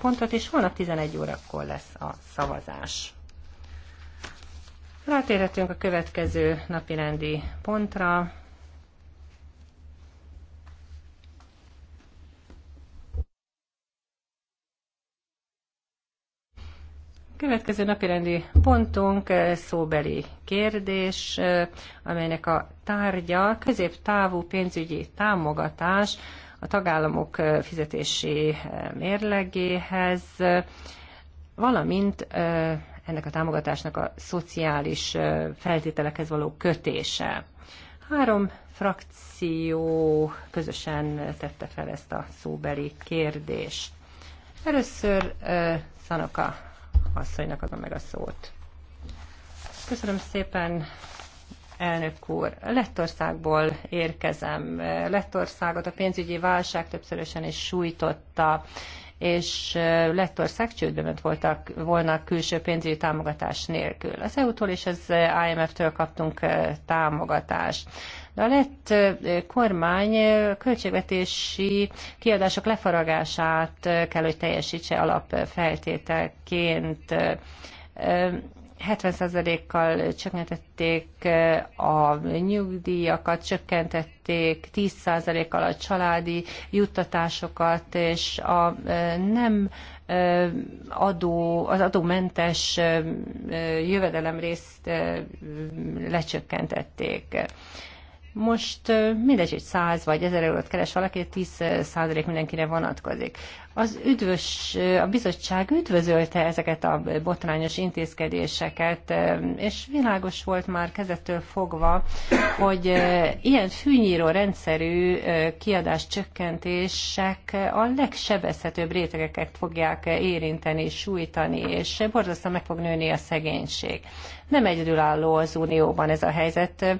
pontot, és holnap 11 órakor lesz a szavazás. Rátérhetünk a következő napi rendi pontra. Következő napirendi pontunk eh, szóbeli kérdés, eh, amelynek a tárgya középtávú pénzügyi támogatás a tagállamok fizetési mérlegéhez, valamint ennek a támogatásnak a szociális feltételekhez való kötése. Három frakció közösen tette fel ezt a szóbeli kérdést. Először szanoka asszonynak adom meg a szót. Köszönöm szépen, elnök úr. Lettországból érkezem. Lettországot a pénzügyi válság többszörösen is sújtotta és Lettország csődbe ment voltak, volna külső pénzügyi támogatás nélkül. Az EU-tól és az IMF-től kaptunk eh, támogatást. De a lett eh, kormány eh, költségvetési kiadások lefaragását kell, hogy teljesítse alapfeltételként 70%-kal csökkentették a nyugdíjakat, csökkentették 10%-kal a családi juttatásokat, és a nem adó, az adómentes jövedelem részt lecsökkentették. Most mindegy, hogy 100 vagy 1000 eurót keres valaki, 10 százalék mindenkire vonatkozik. Az üdvös, a bizottság üdvözölte ezeket a botrányos intézkedéseket, és világos volt már kezettől fogva, hogy ilyen fűnyíró rendszerű kiadás csökkentések a legsebezhetőbb rétegeket fogják érinteni, sújtani, és borzasztóan meg fog nőni a szegénység. Nem egyedülálló az Unióban ez a helyzet.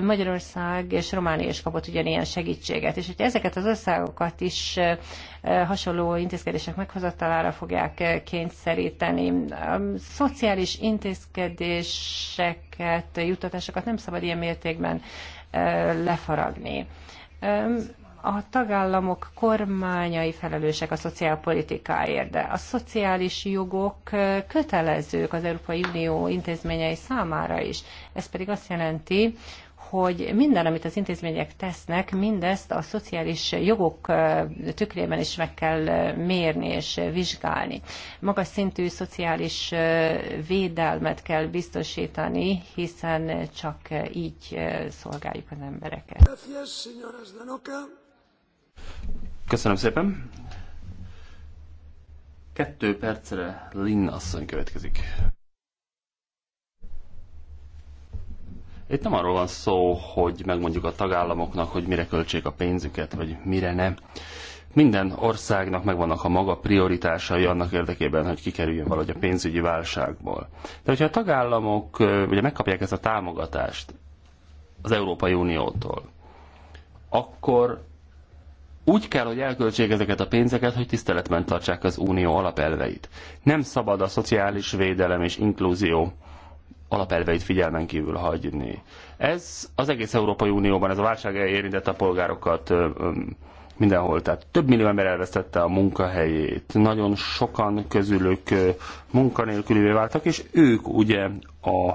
Magyarország és Románia is kapott ugyanilyen segítséget, és hogy ezeket az országokat is hasonló intézkedések meghozatalára fogják kényszeríteni. A szociális intézkedéseket, juttatásokat nem szabad ilyen mértékben lefaragni. A tagállamok kormányai felelősek a szociálpolitikáért, de a szociális jogok kötelezők az Európai Unió intézményei számára is. Ez pedig azt jelenti, hogy minden, amit az intézmények tesznek, mindezt a szociális jogok tükrében is meg kell mérni és vizsgálni. Magas szintű szociális védelmet kell biztosítani, hiszen csak így szolgáljuk az embereket. Köszönöm szépen. Kettő percre Linn asszony következik. Itt nem arról van szó, hogy megmondjuk a tagállamoknak, hogy mire költsék a pénzüket, vagy mire ne. Minden országnak megvannak a maga prioritásai annak érdekében, hogy kikerüljön valahogy a pénzügyi válságból. De hogyha a tagállamok ugye megkapják ezt a támogatást az Európai Uniótól, akkor úgy kell, hogy elköltsék ezeket a pénzeket, hogy tiszteletben tartsák az unió alapelveit. Nem szabad a szociális védelem és inkluzió alapelveit figyelmen kívül hagyni. Ez az egész Európai Unióban, ez a válság érintette a polgárokat mindenhol. Tehát több millió ember elvesztette a munkahelyét, nagyon sokan közülük munkanélkülivé váltak, és ők ugye a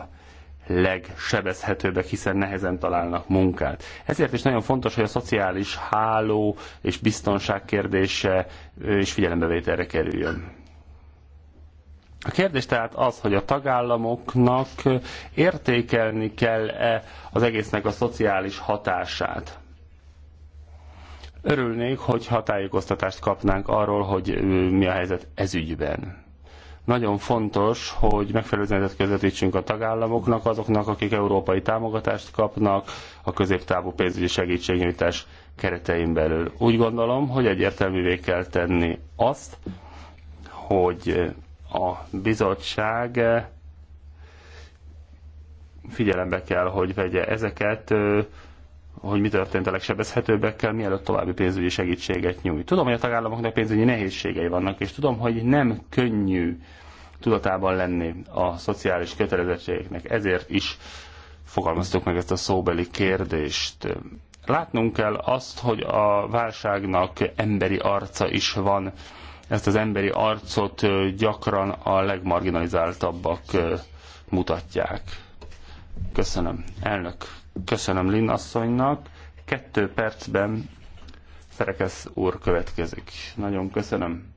legsebezhetőbbek, hiszen nehezen találnak munkát. Ezért is nagyon fontos, hogy a szociális háló és biztonság kérdése is figyelembevételre kerüljön. A kérdés tehát az, hogy a tagállamoknak értékelni kell-e az egésznek a szociális hatását. Örülnék, hogyha tájékoztatást kapnánk arról, hogy mi a helyzet ezügyben nagyon fontos, hogy megfelelő üzenetet közvetítsünk a tagállamoknak, azoknak, akik európai támogatást kapnak a középtávú pénzügyi segítségnyújtás keretein belül. Úgy gondolom, hogy egyértelművé kell tenni azt, hogy a bizottság eh, figyelembe kell, hogy vegye ezeket, eh, hogy mi történt a legsebezhetőbbekkel, mielőtt további pénzügyi segítséget nyújt. Tudom, hogy a tagállamoknak pénzügyi nehézségei vannak, és tudom, hogy nem könnyű tudatában lenni a szociális kötelezettségeknek. Ezért is fogalmaztuk meg ezt a szóbeli kérdést. Látnunk kell azt, hogy a válságnak emberi arca is van, ezt az emberi arcot gyakran a legmarginalizáltabbak mutatják. Köszönöm. Elnök, köszönöm Lin asszonynak. Kettő percben Szerekesz úr következik. Nagyon köszönöm.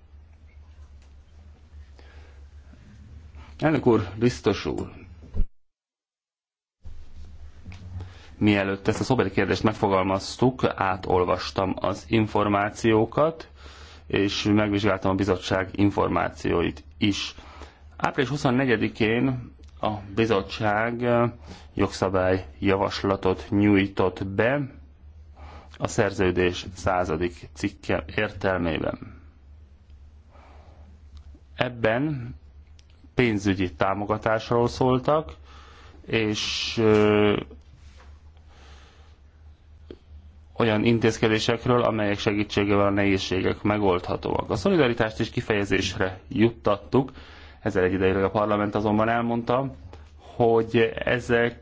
Elnök úr, biztos úr, mielőtt ezt a szobeli kérdést megfogalmaztuk, átolvastam az információkat, és megvizsgáltam a bizottság információit is. Április 24-én a bizottság jogszabály javaslatot nyújtott be a szerződés századik cikke értelmében. Ebben pénzügyi támogatásról szóltak, és olyan intézkedésekről, amelyek segítségével a nehézségek megoldhatóak. A szolidaritást is kifejezésre juttattuk, ezzel egyidejileg a parlament azonban elmondta, hogy ezek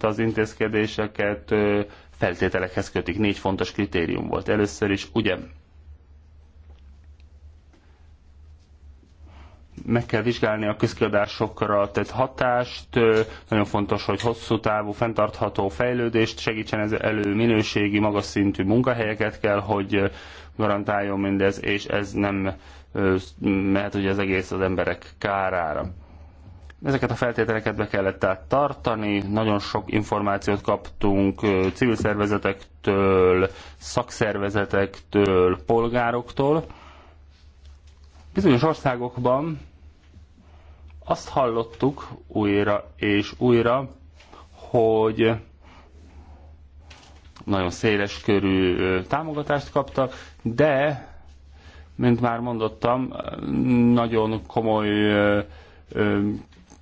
az intézkedéseket feltételekhez kötik. Négy fontos kritérium volt. Először is, ugye, meg kell vizsgálni a közkiadásokra tett hatást, nagyon fontos, hogy hosszú távú, fenntartható fejlődést segítsen ez elő, minőségi, magas szintű munkahelyeket kell, hogy garantáljon mindez, és ez nem mehet ugye az egész az emberek kárára. Ezeket a feltételeket be kellett tehát tartani, nagyon sok információt kaptunk civil szervezetektől, szakszervezetektől, polgároktól, Bizonyos országokban azt hallottuk újra és újra, hogy nagyon széles körű támogatást kaptak, de, mint már mondottam, nagyon komoly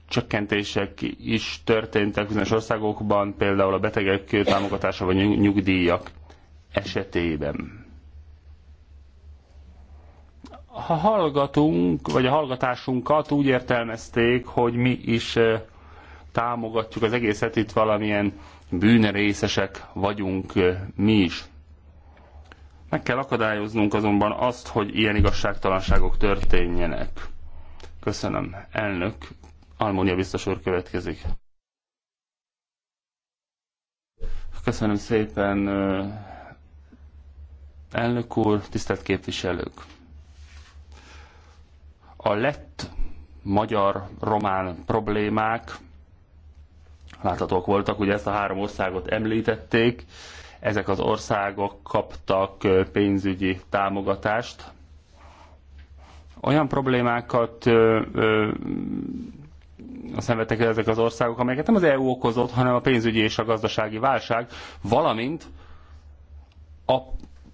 csökkentések is történtek bizonyos országokban, például a betegek támogatása vagy nyugdíjak esetében ha hallgatunk, vagy a hallgatásunkat úgy értelmezték, hogy mi is támogatjuk az egészet, itt valamilyen bűnrészesek vagyunk mi is. Meg kell akadályoznunk azonban azt, hogy ilyen igazságtalanságok történjenek. Köszönöm, elnök. Almónia biztos úr következik. Köszönöm szépen, elnök úr, tisztelt képviselők! A lett magyar-román problémák láthatók voltak, ugye ezt a három országot említették, ezek az országok kaptak pénzügyi támogatást. Olyan problémákat ö, ö, szenvedtek el ezek az országok, amelyeket nem az EU okozott, hanem a pénzügyi és a gazdasági válság, valamint a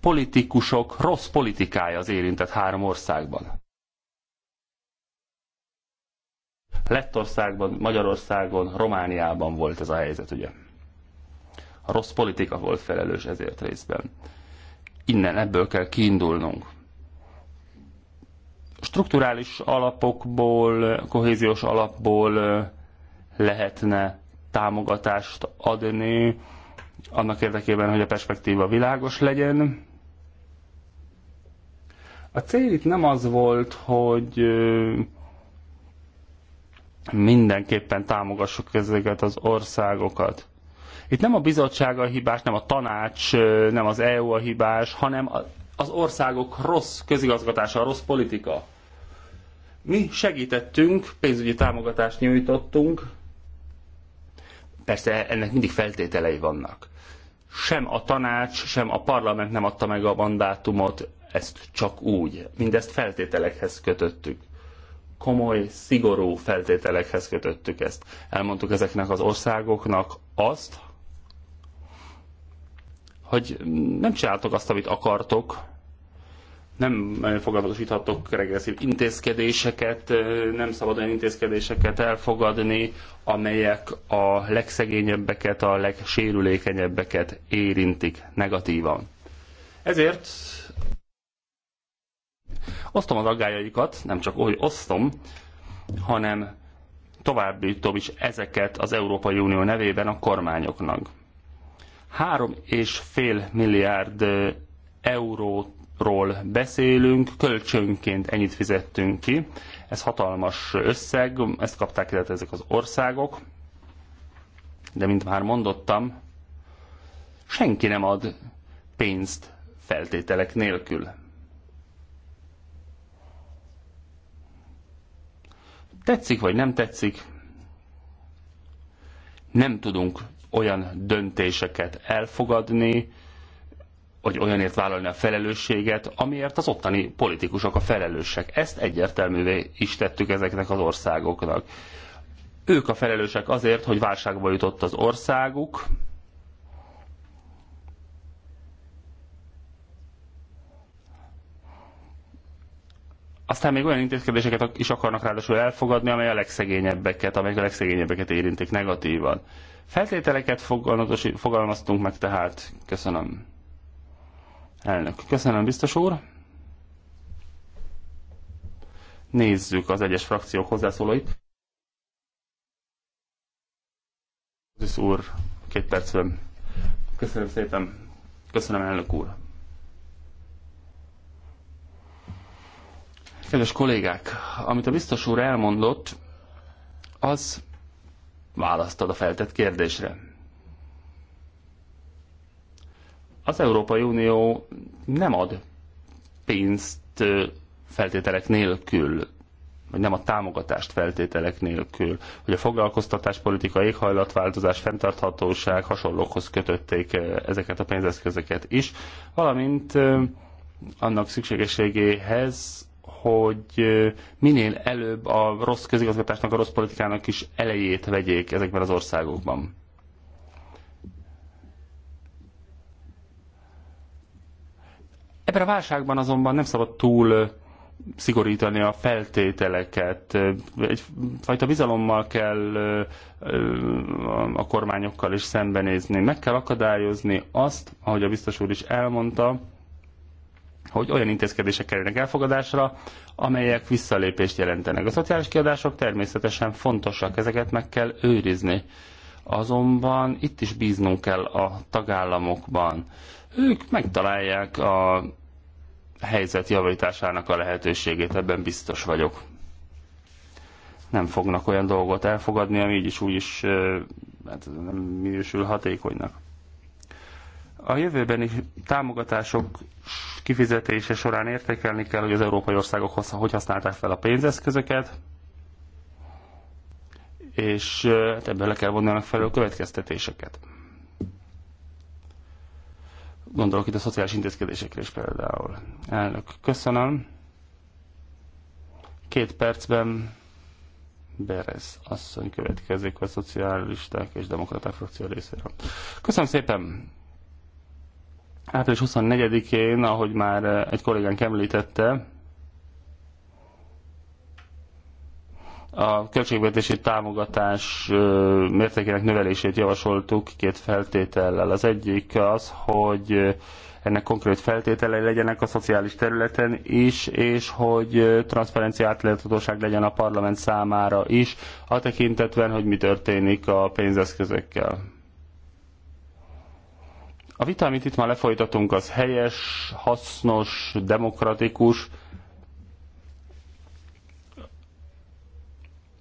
politikusok rossz politikája az érintett három országban. Lettországban, Magyarországon, Romániában volt ez a helyzet, ugye. A rossz politika volt felelős ezért részben. Innen ebből kell kiindulnunk. Strukturális alapokból, kohéziós alapból lehetne támogatást adni, annak érdekében, hogy a perspektíva világos legyen. A cél itt nem az volt, hogy mindenképpen támogassuk ezeket az országokat. Itt nem a bizottság a hibás, nem a tanács, nem az EU a hibás, hanem az országok rossz közigazgatása, a rossz politika. Mi segítettünk, pénzügyi támogatást nyújtottunk, persze ennek mindig feltételei vannak. Sem a tanács, sem a parlament nem adta meg a mandátumot, ezt csak úgy. Mindezt feltételekhez kötöttük komoly, szigorú feltételekhez kötöttük ezt. Elmondtuk ezeknek az országoknak azt, hogy nem csináltok azt, amit akartok, nem fogadósíthatok regresszív intézkedéseket, nem szabad olyan intézkedéseket elfogadni, amelyek a legszegényebbeket, a legsérülékenyebbeket érintik negatívan. Ezért Osztom az aggájaikat, nem csak hogy osztom, hanem továbbítom is ezeket az Európai Unió nevében a kormányoknak. Három és fél milliárd euróról beszélünk, kölcsönként ennyit fizettünk ki. Ez hatalmas összeg, ezt kapták illetve ezek az országok, de mint már mondottam, senki nem ad pénzt feltételek nélkül. Tetszik vagy nem tetszik, nem tudunk olyan döntéseket elfogadni, hogy olyanért vállalni a felelősséget, amiért az ottani politikusok a felelősek. Ezt egyértelművé is tettük ezeknek az országoknak. Ők a felelősek azért, hogy válságba jutott az országuk, Aztán még olyan intézkedéseket is akarnak ráadásul elfogadni, amely a legszegényebbeket, amelyek a legszegényebbeket érintik negatívan. Feltételeket fogalmaztunk meg tehát. Köszönöm. Elnök. Köszönöm, biztos úr. Nézzük az egyes frakciók hozzászólóit. Úr, két percben. Köszönöm szépen. Köszönöm, elnök úr. Kedves kollégák, amit a biztos úr elmondott, az választad a feltett kérdésre. Az Európai Unió nem ad pénzt feltételek nélkül, vagy nem a támogatást feltételek nélkül, hogy a foglalkoztatáspolitika, éghajlatváltozás, fenntarthatóság hasonlókhoz kötötték ezeket a pénzeszközöket is, valamint annak szükségességéhez, hogy minél előbb a rossz közigazgatásnak, a rossz politikának is elejét vegyék ezekben az országokban. Ebben a válságban azonban nem szabad túl szigorítani a feltételeket. Egyfajta bizalommal kell a kormányokkal is szembenézni. Meg kell akadályozni azt, ahogy a biztos úr is elmondta, hogy olyan intézkedések kerülnek elfogadásra, amelyek visszalépést jelentenek. A szociális kiadások természetesen fontosak, ezeket meg kell őrizni. Azonban itt is bíznunk kell a tagállamokban. Ők megtalálják a helyzet javításának a lehetőségét, ebben biztos vagyok. Nem fognak olyan dolgot elfogadni, ami így is úgy is hát nem minősül hatékonynak. A jövőbeni támogatások kifizetése során értékelni kell, hogy az európai országok hogy használták fel a pénzeszközöket, és hát ebből le kell vonni a megfelelő következtetéseket. Gondolok itt a szociális intézkedésekre is például. Elnök, köszönöm. Két percben Berez asszony következik a szocialisták és demokraták frakció részéről. Köszönöm szépen! Április 24-én, ahogy már eh, egy kollégánk említette, a költségvetési támogatás eh, mértékének növelését javasoltuk két feltétellel. Az egyik az, hogy eh, ennek konkrét feltételei legyenek a szociális területen is, és hogy transzparencia átláthatóság legyen a parlament számára is, a tekintetben, hogy mi történik a pénzeszközökkel. A vita, amit itt már lefolytatunk, az helyes, hasznos, demokratikus.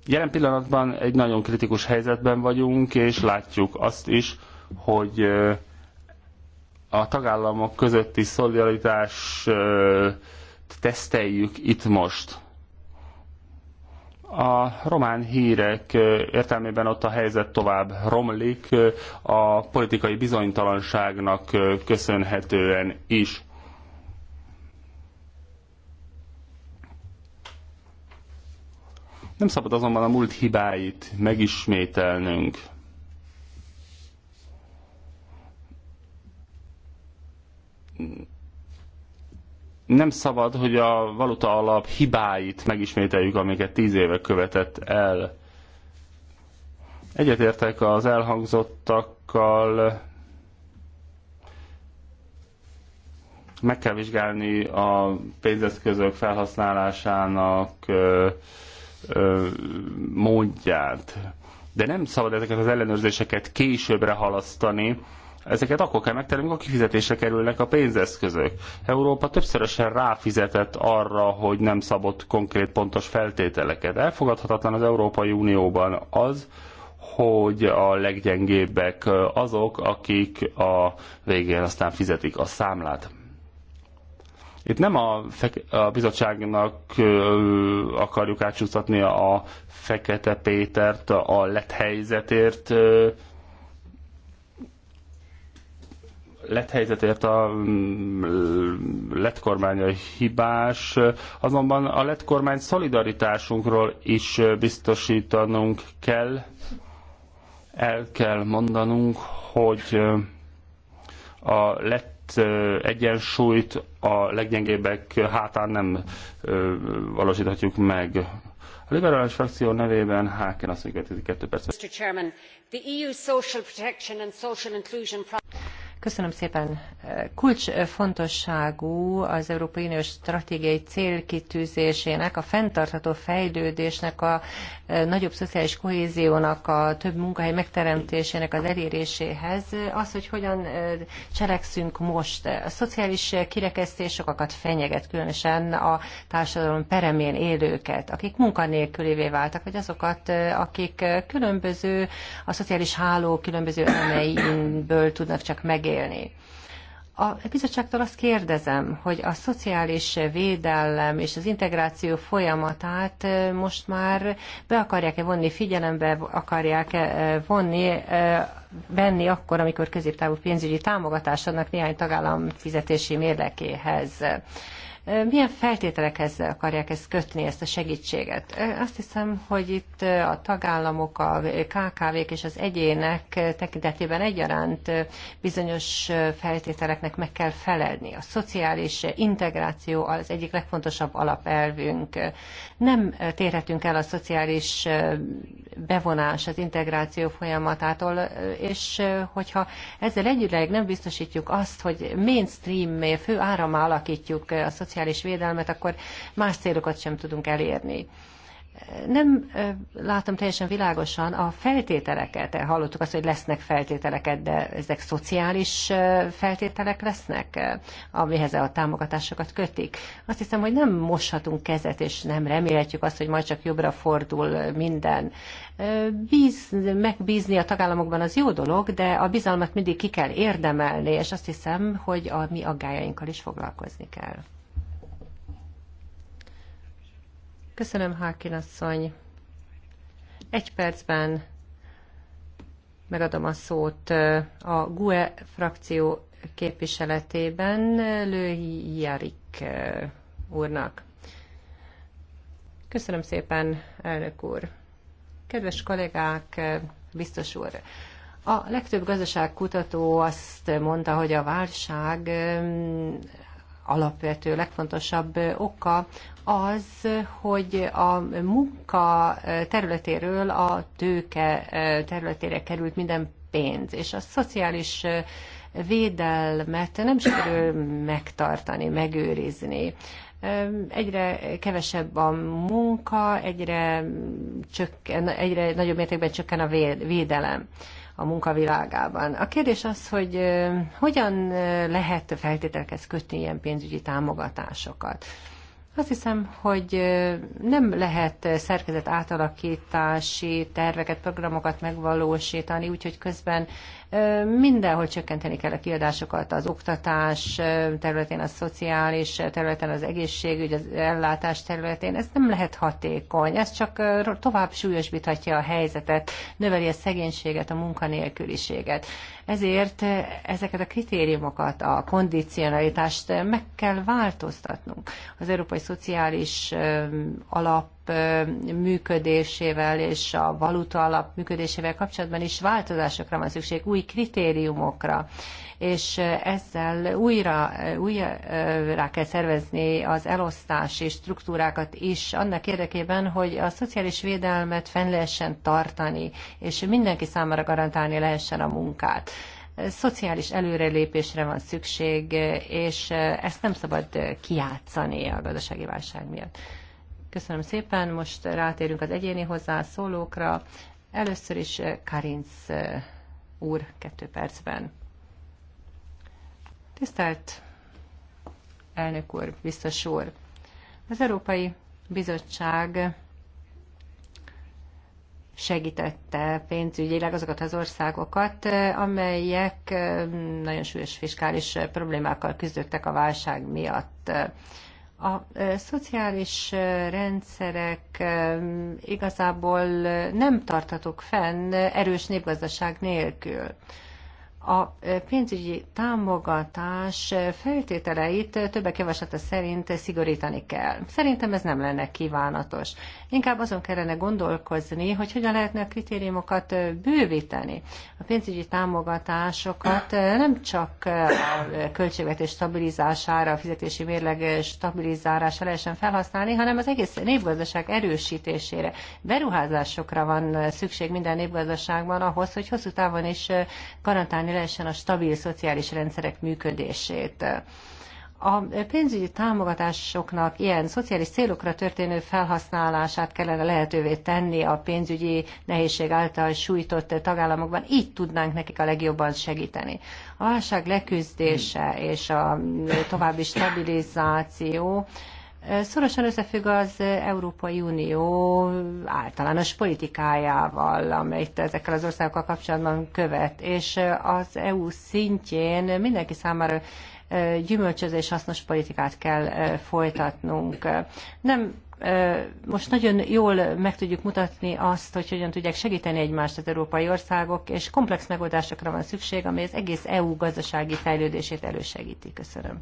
Jelen pillanatban egy nagyon kritikus helyzetben vagyunk, és látjuk azt is, hogy a tagállamok közötti szolidaritást teszteljük itt most. A román hírek értelmében ott a helyzet tovább romlik, a politikai bizonytalanságnak köszönhetően is. Nem szabad azonban a múlt hibáit megismételnünk. Mm nem szabad, hogy a valuta alap hibáit megismételjük, amiket tíz éve követett el. Egyetértek az elhangzottakkal, meg kell vizsgálni a pénzeszközök felhasználásának módját. De nem szabad ezeket az ellenőrzéseket későbbre halasztani, Ezeket akkor kell megtenni, amikor kifizetésre kerülnek a pénzeszközök. Európa többszörösen ráfizetett arra, hogy nem szabott konkrét pontos feltételeket. Elfogadhatatlan az Európai Unióban az, hogy a leggyengébbek azok, akik a végén aztán fizetik a számlát. Itt nem a, a bizottságnak ö, akarjuk átsúsztatni a Fekete Pétert a lett helyzetért, ö, lett helyzetért a mm, lett kormány hibás, azonban a lett kormány szolidaritásunkról is biztosítanunk kell. El kell mondanunk, hogy a lett egyensúlyt a leggyengébbek hátán nem valósíthatjuk meg. A liberális frakció nevében Háken azt mondja, hogy 12 perc. Köszönöm szépen. kulcsfontosságú az Európai Uniós stratégiai célkitűzésének, a fenntartható fejlődésnek, a e, nagyobb szociális kohéziónak, a több munkahely megteremtésének az eléréséhez az, hogy hogyan e, cselekszünk most. A szociális kirekesztés sokakat fenyeget, különösen a társadalom peremén élőket, akik munkanélkülévé váltak, vagy azokat, e, akik különböző, a szociális háló különböző elemeiből tudnak csak megélni megélni. A bizottságtól azt kérdezem, hogy a szociális védelem és az integráció folyamatát most már be akarják-e vonni, figyelembe akarják-e vonni, venni akkor, amikor középtávú pénzügyi támogatást adnak néhány tagállam fizetési mérlekéhez. Milyen feltételekhez akarják ezt kötni, ezt a segítséget? Azt hiszem, hogy itt a tagállamok, a KKV-k és az egyének tekintetében egyaránt bizonyos feltételeknek meg kell felelni. A szociális integráció az egyik legfontosabb alapelvünk. Nem térhetünk el a szociális bevonás, az integráció folyamatától, és hogyha ezzel együttleg nem biztosítjuk azt, hogy mainstream fő áramá alakítjuk a szociális szociális védelmet, akkor más célokat sem tudunk elérni nem látom teljesen világosan a feltételeket. Hallottuk azt, hogy lesznek feltételeket, de ezek szociális feltételek lesznek, amihez a támogatásokat kötik. Azt hiszem, hogy nem moshatunk kezet, és nem remélhetjük azt, hogy majd csak jobbra fordul minden. Bíz, megbízni a tagállamokban az jó dolog, de a bizalmat mindig ki kell érdemelni, és azt hiszem, hogy a mi aggájainkkal is foglalkozni kell. Köszönöm, Hákin asszony. Egy percben megadom a szót a GUE frakció képviseletében Lőhi Jarik úrnak. Köszönöm szépen, elnök úr. Kedves kollégák, biztos úr, a legtöbb gazdaságkutató azt mondta, hogy a válság alapvető, legfontosabb oka az, hogy a munka területéről a tőke területére került minden pénz, és a szociális védelmet nem sikerül megtartani, megőrizni. Egyre kevesebb a munka, egyre, csökken, egyre nagyobb mértékben csökken a védelem a munkavilágában. A kérdés az, hogy hogyan lehet feltételekhez kötni ilyen pénzügyi támogatásokat. Azt hiszem, hogy nem lehet szerkezet átalakítási terveket, programokat megvalósítani, úgyhogy közben mindenhol csökkenteni kell a kiadásokat az oktatás területén, a szociális területen, az egészségügy, az ellátás területén. Ez nem lehet hatékony, ez csak tovább súlyosbíthatja a helyzetet, növeli a szegénységet, a munkanélküliséget. Ezért ezeket a kritériumokat, a kondicionalitást meg kell változtatnunk. Az Európai Szociális Alap működésével és a valuta alap működésével kapcsolatban is változásokra van szükség, új kritériumokra és ezzel újra, újra kell szervezni az elosztási struktúrákat is, annak érdekében, hogy a szociális védelmet fenn lehessen tartani, és mindenki számára garantálni lehessen a munkát szociális előrelépésre van szükség, és ezt nem szabad kiátszani a gazdasági válság miatt. Köszönöm szépen, most rátérünk az egyéni hozzászólókra. Először is Karinc úr, kettő percben. Tisztelt elnök úr, biztos úr! Az Európai Bizottság segítette pénzügyileg azokat az országokat, amelyek nagyon súlyos fiskális problémákkal küzdöttek a válság miatt. A szociális rendszerek igazából nem tartatok fenn erős népgazdaság nélkül a pénzügyi támogatás feltételeit többek javaslata szerint szigorítani kell. Szerintem ez nem lenne kívánatos. Inkább azon kellene gondolkozni, hogy hogyan lehetne a kritériumokat bővíteni. A pénzügyi támogatásokat nem csak a költségvetés stabilizására, a fizetési mérleg stabilizálására lehessen felhasználni, hanem az egész népgazdaság erősítésére. Beruházásokra van szükség minden népgazdaságban ahhoz, hogy hosszú távon is garantálni lehessen a stabil szociális rendszerek működését. A pénzügyi támogatásoknak ilyen szociális célokra történő felhasználását kellene lehetővé tenni a pénzügyi nehézség által sújtott tagállamokban, így tudnánk nekik a legjobban segíteni. A válság leküzdése és a további stabilizáció szorosan összefügg az Európai Unió általános politikájával, amelyet ezekkel az országokkal kapcsolatban követ, és az EU szintjén mindenki számára gyümölcsözés hasznos politikát kell folytatnunk. Nem most nagyon jól meg tudjuk mutatni azt, hogy hogyan tudják segíteni egymást az európai országok, és komplex megoldásokra van szükség, ami az egész EU gazdasági fejlődését elősegíti. Köszönöm.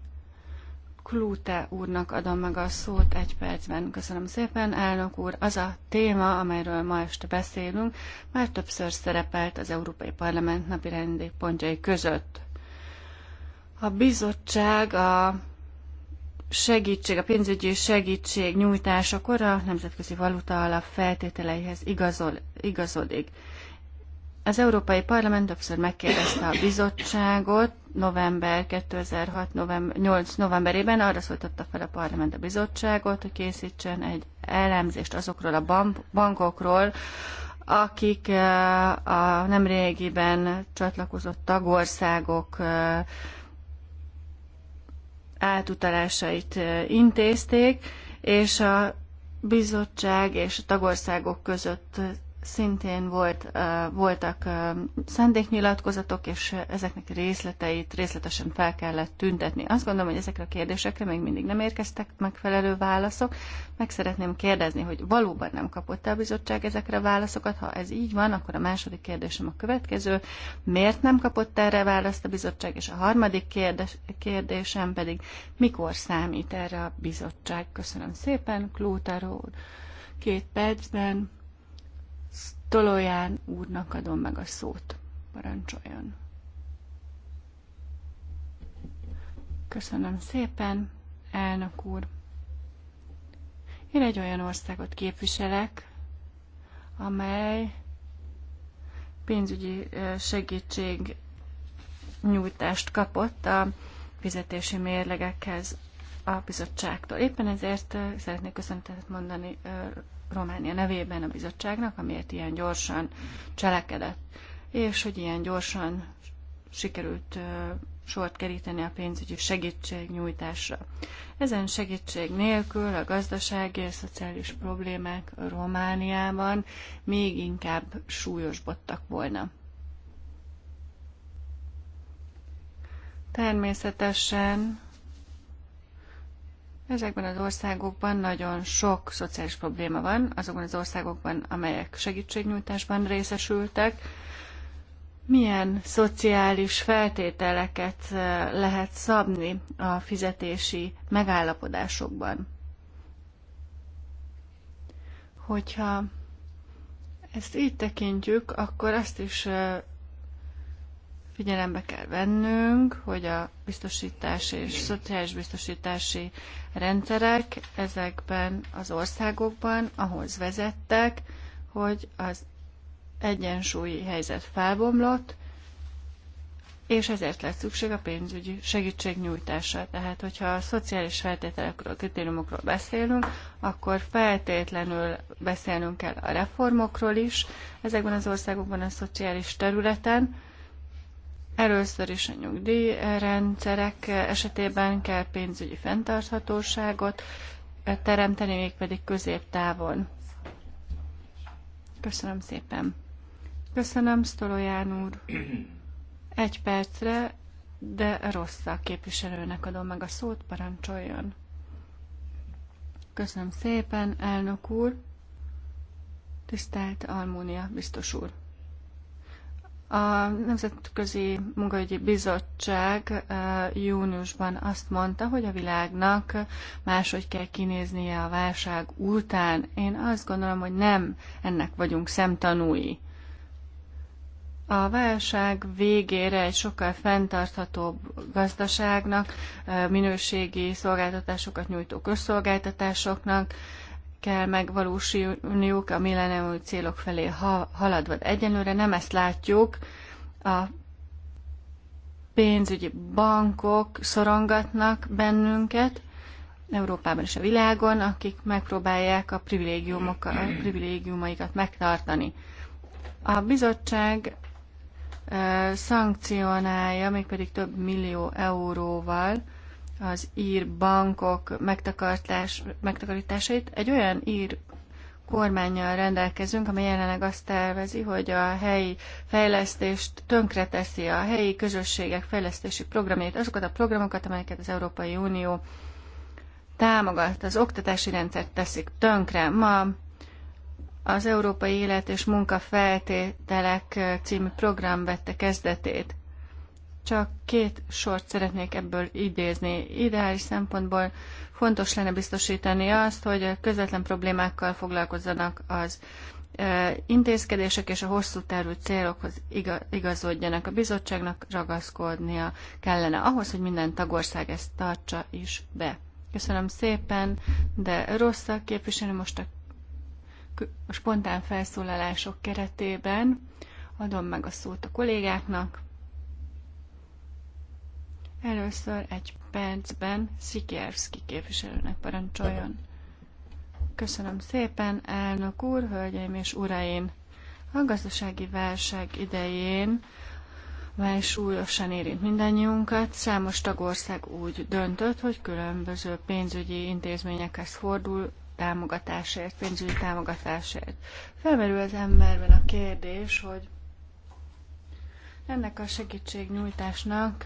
Klúte úrnak adom meg a szót egy percben. Köszönöm szépen, elnök úr. Az a téma, amelyről ma este beszélünk, már többször szerepelt az Európai Parlament napi rendi pontjai között. A bizottság a segítség, a pénzügyi segítség nyújtásakor a Nemzetközi Valuta Alap feltételeihez igazol, igazodik. Az Európai Parlament többször megkérdezte a bizottságot november 2006 november, 8 novemberében, arra szóltatta fel a parlament a bizottságot, hogy készítsen egy elemzést azokról a bankokról, akik a nemrégiben csatlakozott tagországok átutalásait intézték, és a bizottság és a tagországok között szintén volt, voltak szándéknyilatkozatok, és ezeknek részleteit részletesen fel kellett tüntetni. Azt gondolom, hogy ezekre a kérdésekre még mindig nem érkeztek megfelelő válaszok. Meg szeretném kérdezni, hogy valóban nem kapott -e a bizottság ezekre a válaszokat? Ha ez így van, akkor a második kérdésem a következő. Miért nem kapott erre választ a bizottság? És a harmadik kérdés, kérdésem pedig, mikor számít erre a bizottság? Köszönöm szépen, Klótár úr. Két percben. Tolóján úrnak adom meg a szót. Parancsoljon. Köszönöm szépen, elnök úr. Én egy olyan országot képviselek, amely pénzügyi segítség nyújtást kapott a fizetési mérlegekhez a bizottságtól. Éppen ezért szeretnék köszöntetet mondani Románia nevében a bizottságnak, amiért ilyen gyorsan cselekedett, és hogy ilyen gyorsan sikerült sort keríteni a pénzügyi segítségnyújtásra. Ezen segítség nélkül a gazdasági és szociális problémák Romániában még inkább súlyosbodtak volna. Természetesen Ezekben az országokban nagyon sok szociális probléma van, azokban az országokban, amelyek segítségnyújtásban részesültek. Milyen szociális feltételeket eh, lehet szabni a fizetési megállapodásokban? Hogyha ezt így tekintjük, akkor azt is eh, figyelembe kell vennünk, hogy a biztosítási és szociális biztosítási rendszerek ezekben az országokban ahhoz vezettek, hogy az egyensúlyi helyzet felbomlott, és ezért lett szükség a pénzügyi segítségnyújtásra. Tehát, hogyha a szociális feltételekről, kritériumokról beszélünk, akkor feltétlenül beszélnünk kell a reformokról is ezekben az országokban a szociális területen, Először is a nyugdíjrendszerek esetében kell pénzügyi fenntarthatóságot teremteni, mégpedig középtávon. Köszönöm szépen. Köszönöm, Sztolóján úr. Egy percre, de rossz a képviselőnek adom meg a szót, parancsoljon. Köszönöm szépen, elnök úr. Tisztelt Almónia, biztos úr. A Nemzetközi Munkaügyi Bizottság júniusban azt mondta, hogy a világnak máshogy kell kinéznie a válság után. Én azt gondolom, hogy nem ennek vagyunk szemtanúi. A válság végére egy sokkal fenntarthatóbb gazdaságnak, minőségi szolgáltatásokat nyújtó közszolgáltatásoknak, kell megvalósulniuk a milleniumi célok felé ha, haladva. Egyelőre nem ezt látjuk. A pénzügyi bankok szorongatnak bennünket, Európában és a világon, akik megpróbálják a, privilégiumok, a privilégiumaikat megtartani. A bizottság szankcionálja, mégpedig több millió euróval az ír bankok megtakarítás, megtakarításait. Egy olyan ír kormányjal rendelkezünk, amely jelenleg azt tervezi, hogy a helyi fejlesztést tönkreteszi, a helyi közösségek fejlesztési programjait, azokat a programokat, amelyeket az Európai Unió támogat, az oktatási rendszert teszik tönkre. Ma az Európai Élet és Munka Feltételek című program vette kezdetét. Csak két sort szeretnék ebből idézni. Ideális szempontból fontos lenne biztosítani azt, hogy közvetlen problémákkal foglalkozzanak az e, intézkedések és a hosszú távú célokhoz igazodjanak. A bizottságnak ragaszkodnia kellene ahhoz, hogy minden tagország ezt tartsa is be. Köszönöm szépen, de rossz a képviselő most a, a spontán felszólalások keretében. Adom meg a szót a kollégáknak. Először egy percben Szikierszki képviselőnek parancsoljon. Köszönöm szépen, elnök úr, hölgyeim és uraim! A gazdasági válság idején mely súlyosan érint mindannyiunkat, számos tagország úgy döntött, hogy különböző pénzügyi intézményekhez fordul támogatásért, pénzügyi támogatásért. Felmerül az emberben a kérdés, hogy ennek a segítségnyújtásnak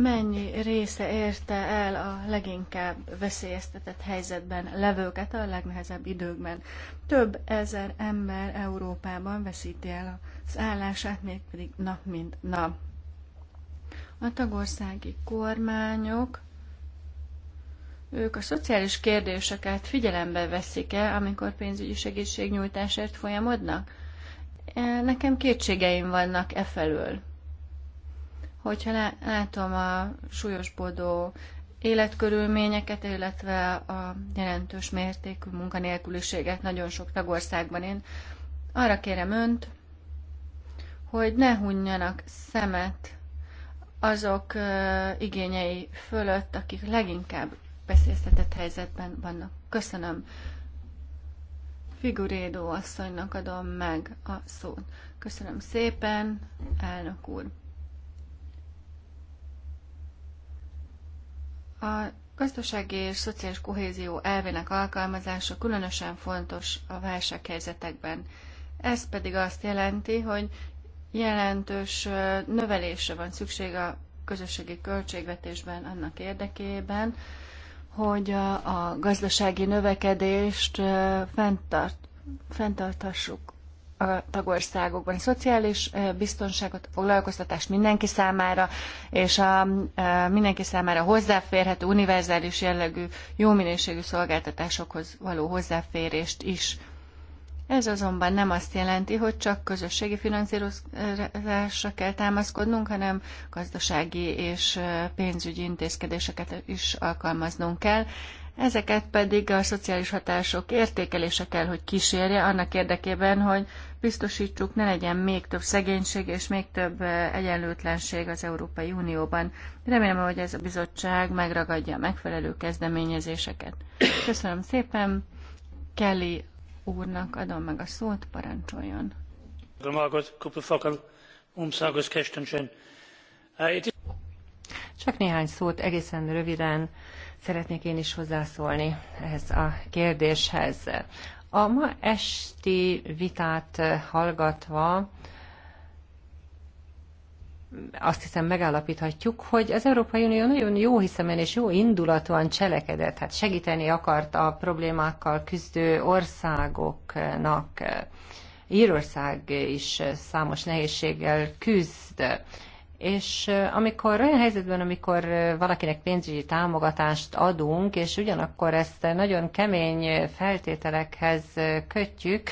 mennyi része érte el a leginkább veszélyeztetett helyzetben levőket a legnehezebb időkben. Több ezer ember Európában veszíti el az állását, mégpedig nap mint nap. A tagországi kormányok ők a szociális kérdéseket figyelembe veszik-e, amikor pénzügyi segítségnyújtásért folyamodnak? Nekem kétségeim vannak e felől. Hogyha látom a súlyosbodó életkörülményeket, illetve a jelentős mértékű munkanélküliséget nagyon sok tagországban, én arra kérem önt, hogy ne hunjanak szemet azok igényei fölött, akik leginkább beszélszetett helyzetben vannak. Köszönöm. Figurédó asszonynak adom meg a szót. Köszönöm szépen, elnök úr. A gazdasági és szociális kohézió elvének alkalmazása különösen fontos a válsághelyzetekben. Ez pedig azt jelenti, hogy jelentős növelésre van szükség a közösségi költségvetésben annak érdekében, hogy a gazdasági növekedést fenntart, fenntarthassuk a tagországokban a szociális biztonságot, foglalkoztatást mindenki számára, és a, mindenki számára hozzáférhető, univerzális jellegű, jó minőségű szolgáltatásokhoz való hozzáférést is. Ez azonban nem azt jelenti, hogy csak közösségi finanszírozásra kell támaszkodnunk, hanem gazdasági és pénzügyi intézkedéseket is alkalmaznunk kell ezeket pedig a szociális hatások értékelése kell, hogy kísérje, annak érdekében, hogy biztosítsuk, ne legyen még több szegénység és még több egyenlőtlenség az Európai Unióban. Remélem, hogy ez a bizottság megragadja a megfelelő kezdeményezéseket. Köszönöm szépen, Kelly úrnak adom meg a szót, parancsoljon. Csak néhány szót egészen röviden Szeretnék én is hozzászólni ehhez a kérdéshez. A ma esti vitát hallgatva azt hiszem megállapíthatjuk, hogy az Európai Unió nagyon jó hiszemen és jó indulatúan cselekedett, hát segíteni akart a problémákkal küzdő országoknak. Írország is számos nehézséggel küzd. És amikor olyan helyzetben, amikor valakinek pénzügyi támogatást adunk, és ugyanakkor ezt nagyon kemény feltételekhez kötjük,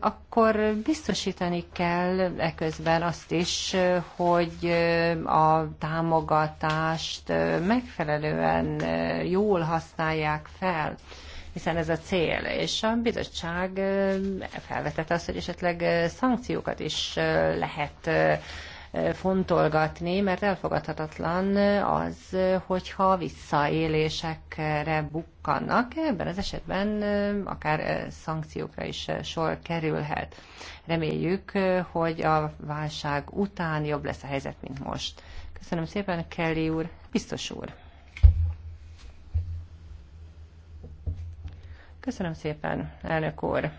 akkor biztosítani kell eközben azt is, hogy a támogatást megfelelően jól használják fel hiszen ez a cél. És a bizottság felvetette azt, hogy esetleg szankciókat is lehet fontolgatni, mert elfogadhatatlan az, hogyha visszaélésekre bukkannak, ebben az esetben akár szankciókra is sor kerülhet. Reméljük, hogy a válság után jobb lesz a helyzet, mint most. Köszönöm szépen, Kelly úr, biztos úr. Köszönöm szépen, elnök úr.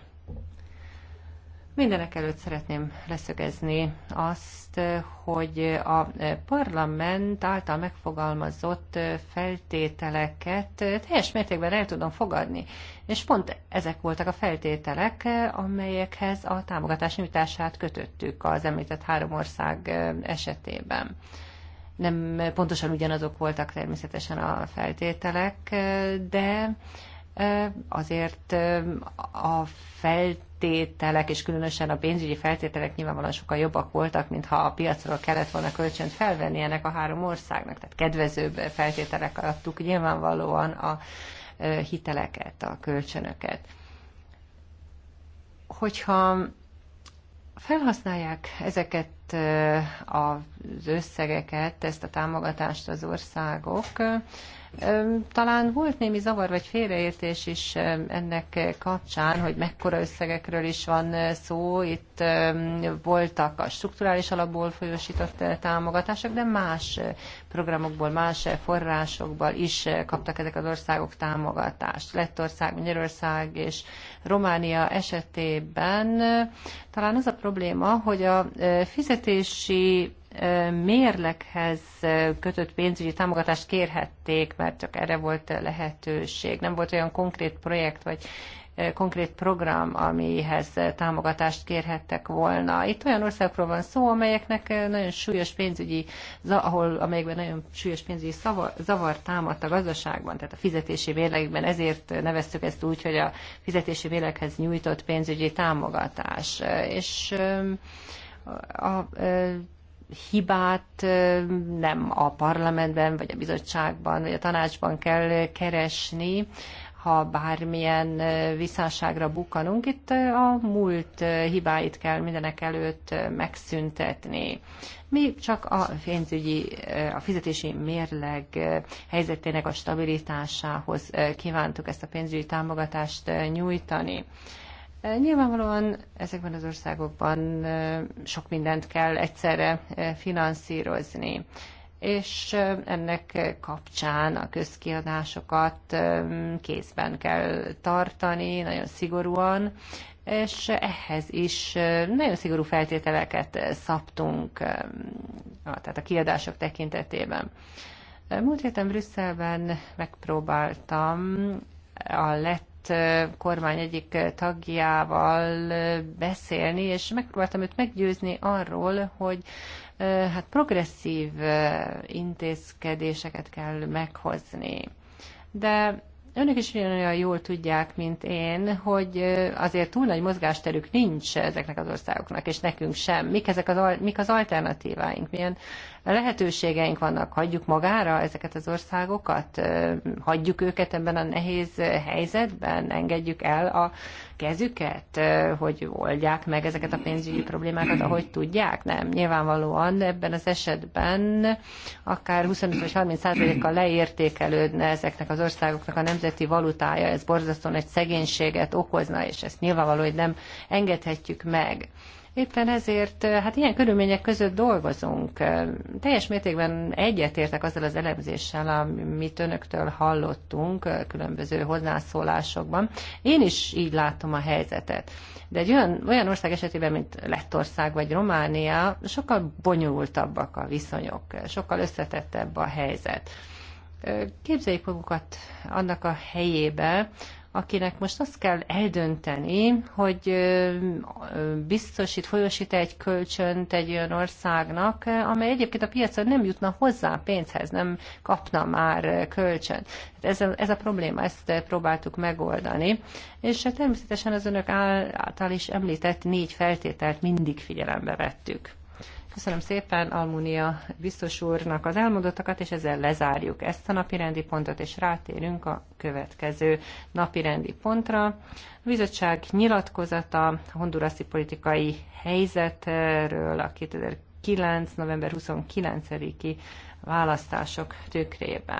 Mindenek előtt szeretném leszögezni azt, hogy a parlament által megfogalmazott feltételeket teljes mértékben el tudom fogadni. És pont ezek voltak a feltételek, amelyekhez a támogatás nyújtását kötöttük az említett három ország esetében. Nem pontosan ugyanazok voltak természetesen a feltételek, de azért a feltételek, feltételek, és különösen a pénzügyi feltételek nyilvánvalóan sokkal jobbak voltak, mintha a piacról kellett volna kölcsönt felvenni ennek a három országnak. Tehát kedvezőbb feltételek adtuk nyilvánvalóan a hiteleket, a kölcsönöket. Hogyha felhasználják ezeket az összegeket, ezt a támogatást az országok, talán volt némi zavar vagy félreértés is ennek kapcsán, hogy mekkora összegekről is van szó. Itt voltak a strukturális alapból folyosított támogatások, de más programokból, más forrásokból is kaptak ezek az országok támogatást. Lettország, Magyarország és Románia esetében talán az a probléma, hogy a fizetési mérlekhez kötött pénzügyi támogatást kérhették, mert csak erre volt lehetőség. Nem volt olyan konkrét projekt, vagy konkrét program, amihez támogatást kérhettek volna. Itt olyan országokról van szó, amelyeknek nagyon súlyos pénzügyi, ahol, amelyekben nagyon súlyos pénzügyi zavar, zavar támadt a gazdaságban, tehát a fizetési mérlegben ezért neveztük ezt úgy, hogy a fizetési mérleghez nyújtott pénzügyi támogatás. És a, a, a hibát nem a parlamentben, vagy a bizottságban, vagy a tanácsban kell keresni, ha bármilyen visszáságra bukanunk, itt a múlt hibáit kell mindenek előtt megszüntetni. Mi csak a pénzügyi, a fizetési mérleg helyzetének a stabilitásához kívántuk ezt a pénzügyi támogatást nyújtani. Nyilvánvalóan ezekben az országokban sok mindent kell egyszerre finanszírozni és ennek kapcsán a közkiadásokat kézben kell tartani, nagyon szigorúan, és ehhez is nagyon szigorú feltételeket szabtunk, tehát a kiadások tekintetében. Múlt héten Brüsszelben megpróbáltam a lett kormány egyik tagjával beszélni, és megpróbáltam őt meggyőzni arról, hogy hát progresszív intézkedéseket kell meghozni. De önök is olyan jól tudják, mint én, hogy azért túl nagy mozgásterük nincs ezeknek az országoknak, és nekünk sem. Mik, ezek az, mik az alternatíváink, milyen lehetőségeink vannak, hagyjuk magára ezeket az országokat, hagyjuk őket ebben a nehéz helyzetben, engedjük el a kezüket, hogy oldják meg ezeket a pénzügyi problémákat, ahogy tudják? Nem. Nyilvánvalóan ebben az esetben akár 25 30 kal leértékelődne ezeknek az országoknak a nemzeti valutája, ez borzasztó egy szegénységet okozna, és ezt nyilvánvaló, hogy nem engedhetjük meg. Éppen ezért, eh, hát ilyen körülmények között dolgozunk. Eh, teljes mértékben egyetértek azzal az elemzéssel, amit önöktől hallottunk eh, különböző hozzászólásokban. Én is így látom a helyzetet. De egy olyan, olyan ország esetében, mint Lettország vagy Románia, sokkal bonyolultabbak a viszonyok, sokkal összetettebb a helyzet. Képzeljük magukat annak a helyébe, akinek most azt kell eldönteni, hogy biztosít, folyosít egy kölcsönt egy olyan országnak, amely egyébként a piacon nem jutna hozzá pénzhez, nem kapna már kölcsönt. Hát ez a, ez a probléma, ezt próbáltuk megoldani, és hát természetesen az önök által is említett négy feltételt mindig figyelembe vettük. Köszönöm szépen Almunia biztos úrnak az elmondottakat, és ezzel lezárjuk ezt a napirendi pontot, és rátérünk a következő napirendi pontra. A bizottság nyilatkozata a honduraszi politikai helyzetről a 2009. november 29-i választások tükrében.